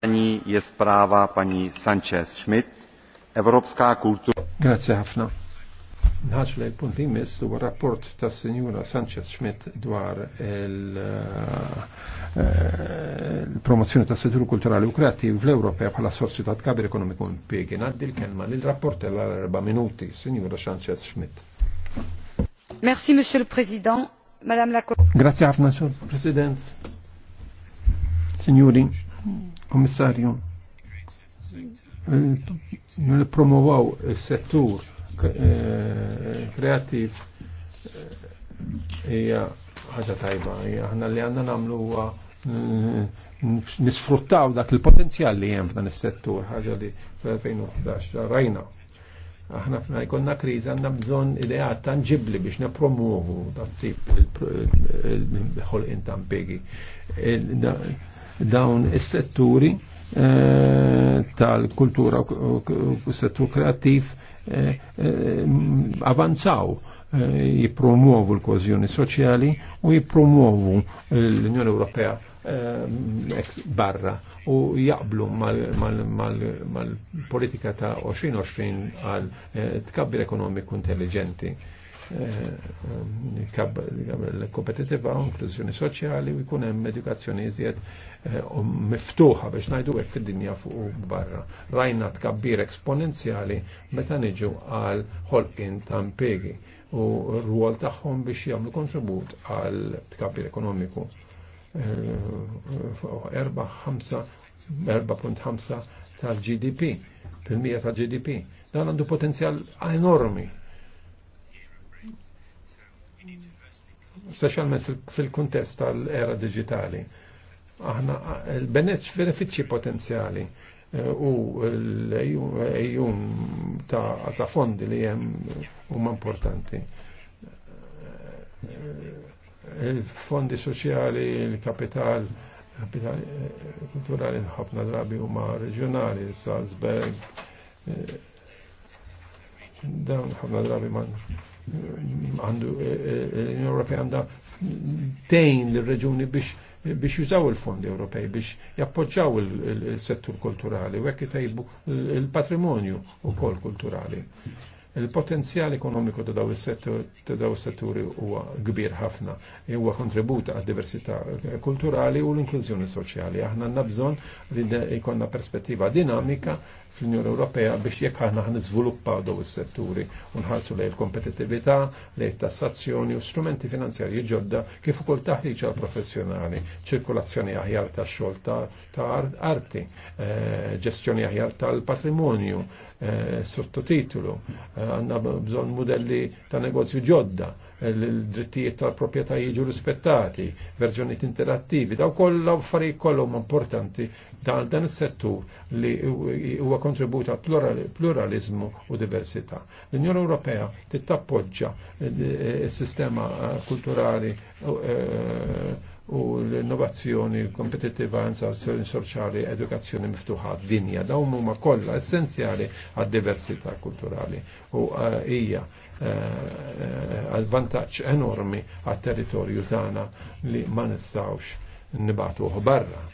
Pani je zpráva Sanchez Schmidt, Evropská kultura. Grazie ħafna. Nħax li punti mis u rapport ta' Signora Sanchez Schmidt dwar il-promozzjoni eh, eh, ta' s settur kulturali u kreativ l ewropea bħala sorsi ta' tkabir ekonomiku impiegi. Naddi l-kelma l-rapport tal-4 minuti, Signora Sanchez Schmidt. Merci, Monsieur le Président. Madame la Grazie ħafna, Sur Président. Signori, Komissarju, eh, promovaw il-settur eh, kreativ eh, ija ħaġa tajba, aħna li għandna nagħmlu huwa nisfruttaw dak il-potenzjal li hemm f'dan is-settur ħaġa li fl-2011 rajna aħna fna jkollna kriżi għandna bżonn ideat tangibli biex nepromuvu tat-tip il ħol ta' pegi Dawn is-setturi eh, tal-kultura u settur kreattiv eh, eh, avanzaw Eh, jipromuovu l-kozjoni soċjali u jipromuovu l-Unjoni Ewropea eh, barra u jaqblu mal-politika ta' 2020 għal eh, tkabbir ekonomiku intelligenti l-kompetitiva u inklużjoni soċjali u jkun hemm edukazzjoni iżjed miftuħa biex ngħidu hekk fid-dinja fuq barra. Rajna tkabbir eksponenzjali meta niġu għal ħolqien ta' impjegi u r-rwol tagħhom biex jagħmlu kontribut għal tkabir ekonomiku. 4.5 eh, tal-GDP, fil-mija tal-GDP. Dan għandu potenzjal enormi. Specialment fil-kontest tal-era digitali aħna eh, il-benefiċċji potenzjali Eh, u l-ejjum ta' fondi li jem huma importanti. Eh, eh, il-fondi soċjali, il-kapital, kapital kulturali ħafna drabi u huma reġjonali, Salzberg, dawn ħafna drabi ma' għandu l-Unjoni għanda għandha dejn l-reġuni biex biex jużaw il-fondi Ewropej biex jappoġġaw il-settur kulturali u hekk il-patrimonju kol kulturali. Il-potenzjal ekonomiku ta' daw is-setturi huwa kbir ħafna, huwa kontribut għad diversità kulturali u l-inklużjoni soċjali. Aħna għandna bżonn li jkollna perspettiva dinamika fl-Unjoni Ewropea biex jekk aħna ħniżviluppaw daw is-setturi u nħarsu lejn il-kompetittività, lejn tassazzjoni u strumenti finanzjarji ġodda kif ukoll taħriġ għal professjonali, ċirkulazzjoni aħjar tax-xogħol ta' arti, eh, ġestjoni aħjar tal-patrimonju, Eh, sottotitolu, eh, għanna bżon modelli ta' negozju ġodda, eh, l-drittijiet tal-propieta jiġu rispettati, verżjoniet interattivi, daw l affarijiet kollhom importanti dal dan is-settur li huwa kontributa pluralizmu u diversità. L-Unjoni Ewropea tittappoġġa s-sistema kulturali u l-innovazzjoni, kompetittivanza, azzjoni soċjali, edukazzjoni miftuħa dinja. Dawn huma kollha essenzjali għad-diversità kulturali u eh, hija għal eh, eh, vantaġġ enormi għal territorju tagħna li ma nistgħux nibatuh barra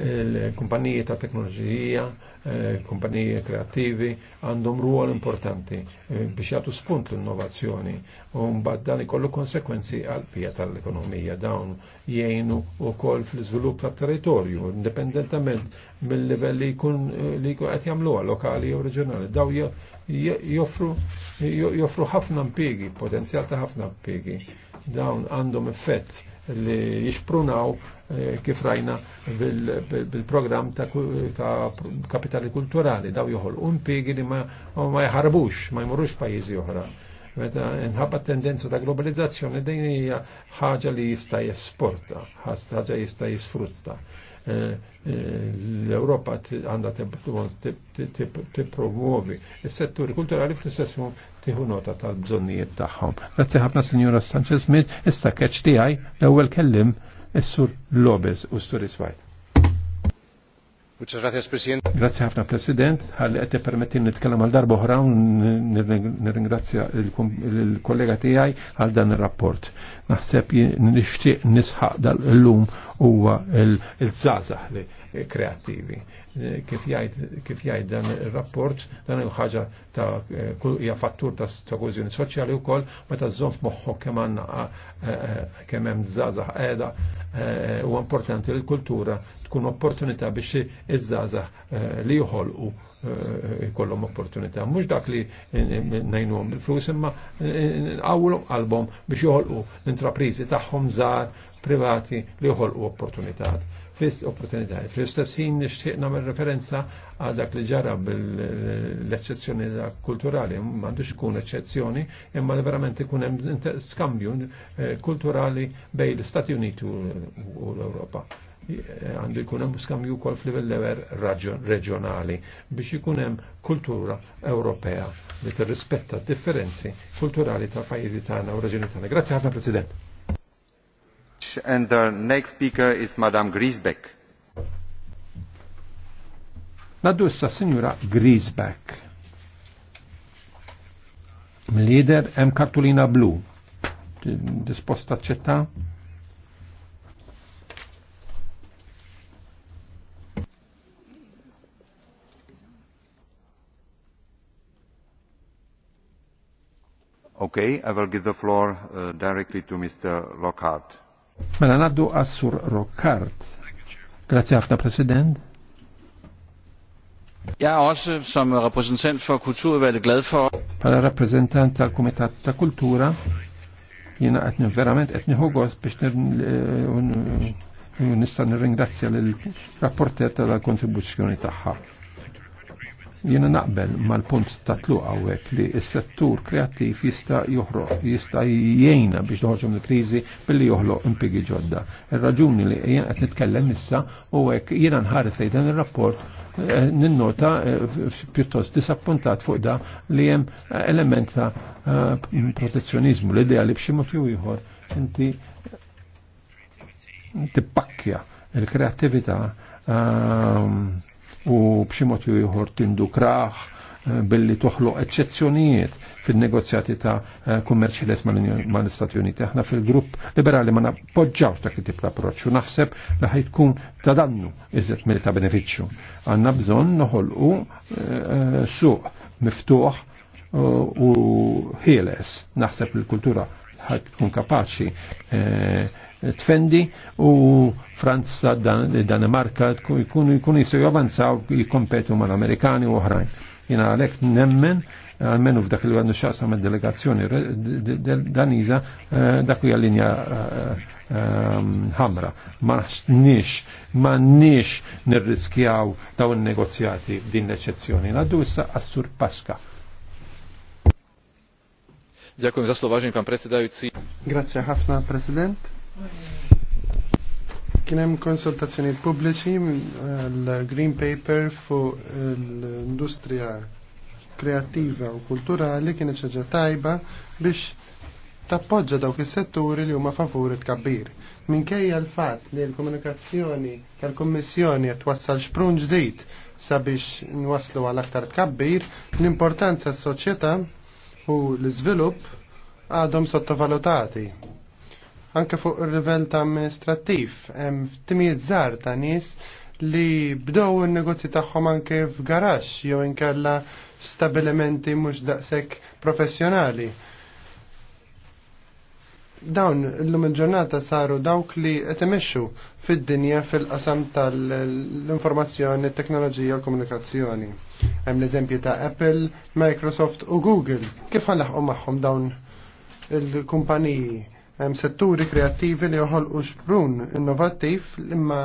il kumpanijiet ta' teknoloġija, eh, kumpanijiet kreativi għandhom ruol importanti eh, biex jagħtu spunt l-innovazzjoni u mbagħad dan ikollu konsekwenzi għal pija tal-ekonomija dawn jgħinu wkoll fl-iżvilupp tat-territorju indipendentament mill-livell eh, li jkun li qed jagħmluha lokali jew reġjonali. Daw joffru ħafna impjiegi, potenzjal ta' ħafna impjiegi. Dawn għandhom effett li jixprunaw eh, kif rajna bil-program ta' kapitali kulturali daw joħol unpigi li ma jħarbux, ma jmurrux pajizi oħra. Meta nħabba tendenza ta' globalizzazzjoni din hija ħaġa li jista' jesporta, ħaġa jista' jisfrutta l-Europa għanda t tippromuovi il setturi kulturali fl-istess tieħu nota tal-bżonnijiet tagħhom. Grazzi ħafna Sinjura Sanchez Smith, issa keċ tiegħi l-ewwel kellim is-sur Lobes u s-sur Iswajt. Grazie ħafna President, għalli għette permettin nitkellem għal darba oħra un nirringrazzja il-kollega tijaj għal dan il-rapport. Naħseb nishtiq nisħaq dal-lum huwa il-żazax li kreativi kif jgħid dan ir-rapport dan il ħaġa ta' hija fattur ta' kożjoni soċjali wkoll meta żżomm f'moħħok kemm għandna kemm hemm żgħażagħ qiegħda e, huwa importanti li l-kultura tkun opportunità biex iż-żgħażagħ e, li joħolqu e, jkollhom opportunità. Mhux dak li ngħinuhom il-flus imma nqawlhom qalbhom biex joħolqu l-intrapriżi tagħhom żgħar privati li joħolqu opportunitat fis opportunità. Fl-istess ħin nixtieq nagħmel referenza għal dak li ġara bil-eċċezzjoni kulturali, m'għandux ikun eċċezzjoni, imma li verament ikun hemm skambju eh, kulturali bejn l-Istati Uniti u l-Ewropa eh, għandu jkun hemm skambju wkoll f'livell level reġjonali biex ikun hemm kultura Ewropea li tirrispetta differenzi kulturali ta' pajjiżi tagħna u reġjuni tagħna. Grazzi ħafna President. Naddu issa Signora Griesbeck. Mill-lider hemm kartulina blu. Disposta ċetta? Okay, I will give the floor uh, directly to Mr. Lockhart. Mela naddu għassur Rockart. Grazie għafna, President. Ja, er også som repræsentant for Kulturudvalget glad for... Para repræsentant tal Komitat ta' Kultura, jina għetni verament għetni ħogos biex eh, nista nirringrazzja l-rapportet tal-kontribuzzjoni taħħa. Jiena naqbel mal-punt ta' tluq hawnhekk li s-settur kreattiv jista' joħroq, jista' jgħinna biex noħorġu mill-kriżi billi joħloq impigi ġodda. Ir-raġuni li jien qed nitkellem issa u hekk jiena nħares lejn dan ir-rapport eh, ninnota eh, pjuttost disappuntat fuq da li hemm eh, element ta' protezzjonizmu l-idea li b'xi motiv ieħor inti tippakkja il-kreattività ehm, u b'ximot ju jħor kraħ eh, billi toħloq eċċezzjonijiet fil negozjati ta' eh, kummerċi les mal-Istati Uniti. Aħna fil-grupp liberali ma nappoġġawx dak tip ta' approċċ u naħseb li ħajtkun ta' dannu iżet mill ta' benefiċċju. Għandna bżonn noħolqu eh, suq miftuħ u ħieles. Naħseb il-kultura ħajtkun tkun kapaċi tfendi u Franza, Danimarka jkunu jistgħu javanzaw jikkompetu mal-Amerikani u oħrajn. Jina għalek nemmen għalmenu f'dak li għadnu xaqsa ma' delegazzjoni daniza eh, dak u għallinja eh, eh, ħamra. Ma nix, ma nix nirriskjaw daw il-negozjati din l-eċezzjoni. Għaddu issa għassur Paska. Dziękuję za słowa, pan prezydajucy. Grazie ħafna, prezydent. Kien hemm konsultazzjonijiet pubbliċi eh, l-Green Paper fuq l-industrija kreattiva u kulturali kienet ċaġa tajba biex tappoġġa dawk is-setturi li huma favuri tkabbir. Minkejja l-fatt li l-komunikazzjoni tal-Kummissjoni qed wassal xprun ġdid sabiex nwaslu għal aktar tkabbir, l-importanza s-soċjetà u l-iżvilupp għadhom sottovalutati anke fuq il-livell ta' amministrattiv. Hemm timijiet żgħar ta' nies li bdew in-negozji tagħhom anke f'garax jew inkella f'stabilimenti mhux daqshekk professjonali. Dawn illum il-ġurnata saru dawk li qed imexxu fid-dinja fil-qasam tal-informazzjoni, teknoloġija u komunikazzjoni. Hemm l-eżempji ta' Apple, Microsoft u Google. Kif ħanlaħqu magħhom dawn il-kumpaniji? hemm setturi kreattivi li joħolqu xprun innovattiv imma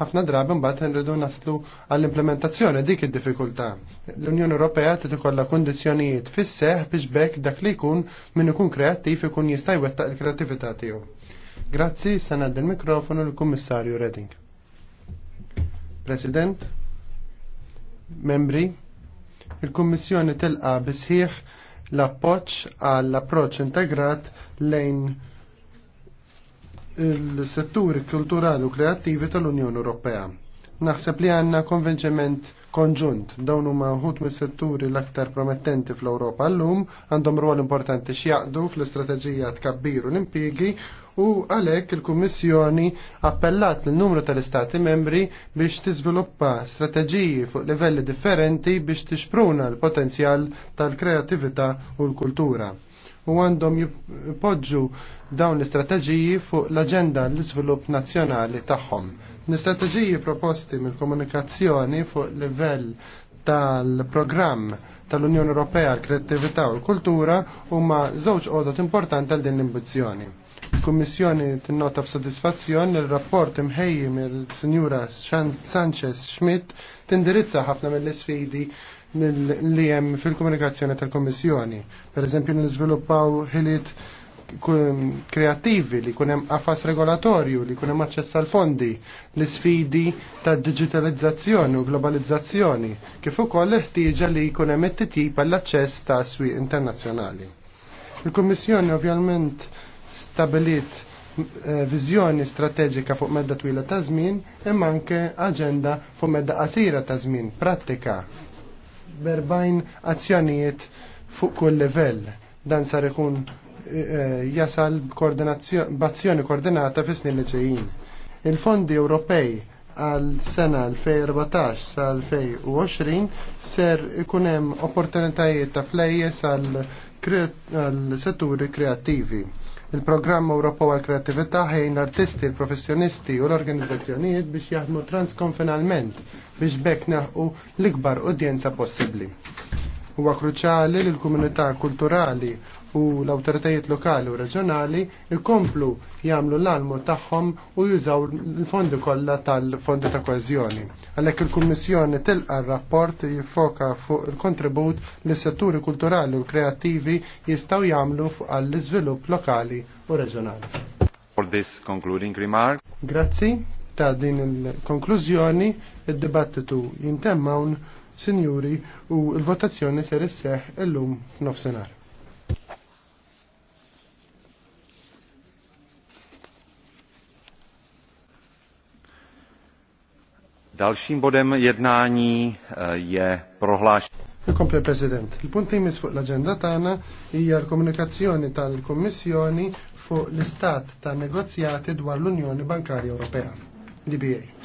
ħafna drabi mbagħad nridu naslu għall-implementazzjoni dik id-diffikultà. L-Unjoni Ewropea trid ikollha kundizzjonijiet fis-seħ biex bekk dak li jkun min ikun kreattiv ikun jista' jwettaq il-kreattività tiegħu. Grazzi, sanad il-mikrofonu l-Kummissarju Reding. President, membri, il-Kummissjoni tilqa bisħiħ l-appoċ għall-approċ integrat lejn il-setturi kulturali u kreattivi tal-Unjoni Ewropea. Naħseb li għanna konvenċement konġunt dawn huma wħud mis-setturi l-aktar promettenti fl-Ewropa llum għandhom rwol importanti x'jaqdu fl-istrateġija u l-impjiegi u għalhekk il-Kummissjoni appellat lil numru tal-Istati membri biex tiżviluppa strateġiji fuq livelli differenti biex tixpruna l-potenzjal tal kreativita u l-kultura u għandhom jipoġġu dawn l-istrateġiji fuq l-agenda l izvilupp nazzjonali tagħhom. L-istrateġiji proposti mill-komunikazzjoni fuq livell tal-programm tal-Unjoni Ewropea l-Kreattività u l-Kultura huma żewġ qodot importanti għal din l-imbizzjoni. Il-Kummissjoni tinnota b'sodisfazzjon li l-rapport imħejji mill-Sinjura Sanchez Schmidt tindirizza ħafna mill-isfidi li hemm fil-komunikazzjoni tal komissjoni Per eżempju, nizviluppaw ħiliet kreativi li kunem affas regolatorju, li kunem aċċess għal fondi, l sfidi ta' digitalizzazzjoni u globalizzazzjoni, kif ukoll ħtieġa li kunem it-titib għall aċċess ta' swi internazzjonali. Il-Kummissjoni ovvjament stabilit eh, viżjoni strateġika fuq medda twila ta' żmien imma anke aġenda fuq medda qasira ta' żmien, prattika berbajn azzjonijiet fuq kull livell. Dan sar ikun eh, jasal b'azzjoni koordinata fis snin li ġejjin. Il-fondi Ewropej għal sena 2014 sa 2020 ser ikun hemm opportunitajiet ta' flejjes għal setturi kreattivi Il-programm Ewropew għal kreativita ħejn artisti l-professjonisti u l-organizzazzjonijiet biex jaħdmu transkonfinalment biex bekk naħqu l-ikbar udjenza possibbli. Huwa kruċjali l-komunità kulturali u l-awtoritajiet lokali u reġjonali ikomplu jagħmlu l-almu tagħhom u jużaw l-fondi kollha tal-fondi ta' koeżjoni. Għalhekk il-Kummissjoni tilqa r-rapport jiffoka fuq il-kontribut li setturi kulturali u kreattivi jistgħu jagħmlu għall-iżvilupp lokali u reġjonali. For this concluding remark. Grazzi ta' din il-konklużjoni id-dibattitu jintemmawn, sinjuri, u l-votazzjoni ser isseħ illum f'nofsinhar. Dalším bodem jednání eh, je prohlášení. Ikompli prezident, il-punt jmiss fuq l-agenda tana hija l-komunikazzjoni tal kommissjoni fuq l-istat ta' negozjati dwar l-Unjoni Bankarja Ewropea, DBA.